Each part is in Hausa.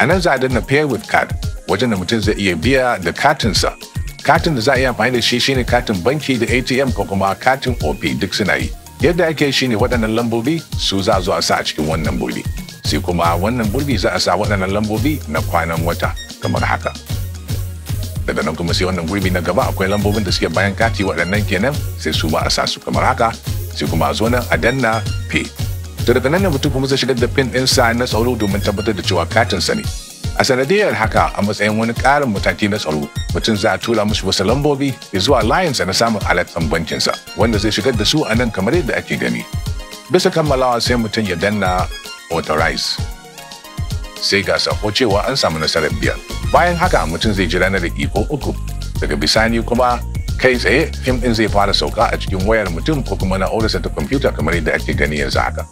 A nan za a danna pay with card wajen da mutum zai iya biya da katinsa. Katin da za a iya amfani da shi shine katin banki da ATM ko kuma katin OP duk suna yi. Yadda ake shine waɗannan lambobi su za a zo a sa a cikin wannan bulbi. Sai kuma wannan bulbi za a sa waɗannan lambobi na kwanan wata kamar haka. daga nan kuma sai wannan gurbi na gaba akwai lambobin da suke bayan kati waɗannan kenan sai su ma a sa su kamar haka sai kuma a zo nan a danna pay to daga nan ne mutum kuma zai shigar da pin ɗinsa na tsaro domin tabbatar da cewa katinsa ne a sanadiyar haka a matsayin wani ƙarin mataki na tsaro mutum za a tura musu wasu lambobi ya zuwa layinsa na samun alatsan sa wanda zai shigar da su a nan kamar yadda ake gani bisa kammalawa sai mutum ya danna authorize sai ga sako cewa an samu nasarar biyar. bayan haka mutum zai jira na ko uku daga bisani kuma kai tsaye fim ɗin zai fara sauka a cikin wayar mutum ko kuma na'urarsa ta kwamfuta kamar yadda ake gani yanzu haka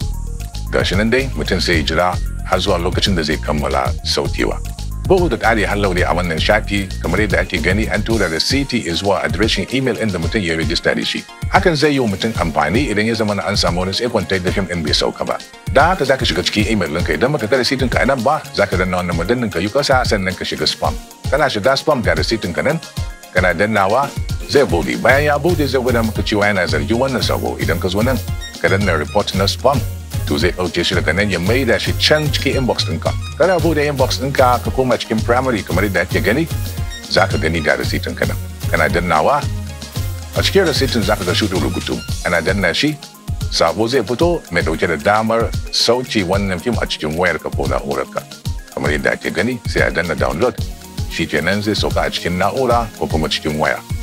gashi nan dai mutum sai jira har zuwa lokacin da zai kammala saukewa. Bugu da ƙari har a wannan shafi kamar yadda ake gani an tura da CT zuwa adireshin email ɗin da mutum ya rijista da shi. Hakan zai yi wa mutum amfani idan ya zama na an samu wani sai kwantar da fim ɗin bai sauka ba. Da haka za ka shiga cikin email ɗinka idan baka ga rasitin ka nan ba za ka danna wannan madannin ka yi kasa sannan ka shiga spam. Kana shiga spam ga risitin ka nan kana dannawa zai bude bayan ya bude zai gwada maka cewa yana zargin wannan sabo idan ka zo nan ka danna report na spam to zai ɗauke shi daga nan ya maida shi can cikin inbox ɗinka kana bude inbox ɗinka ka koma cikin primary kamar yadda ake gani za ka gani ga rasitin ka nan dannawa a cikin rasitin za ka ga shuɗin rubutu ana danna shi sabo zai fito mai ɗauke da damar sauke wannan fim a cikin wayarka ko na'urarka kamar yadda ake gani sai a danna download shi kenan zai sauka a cikin na'ura ko kuma cikin waya.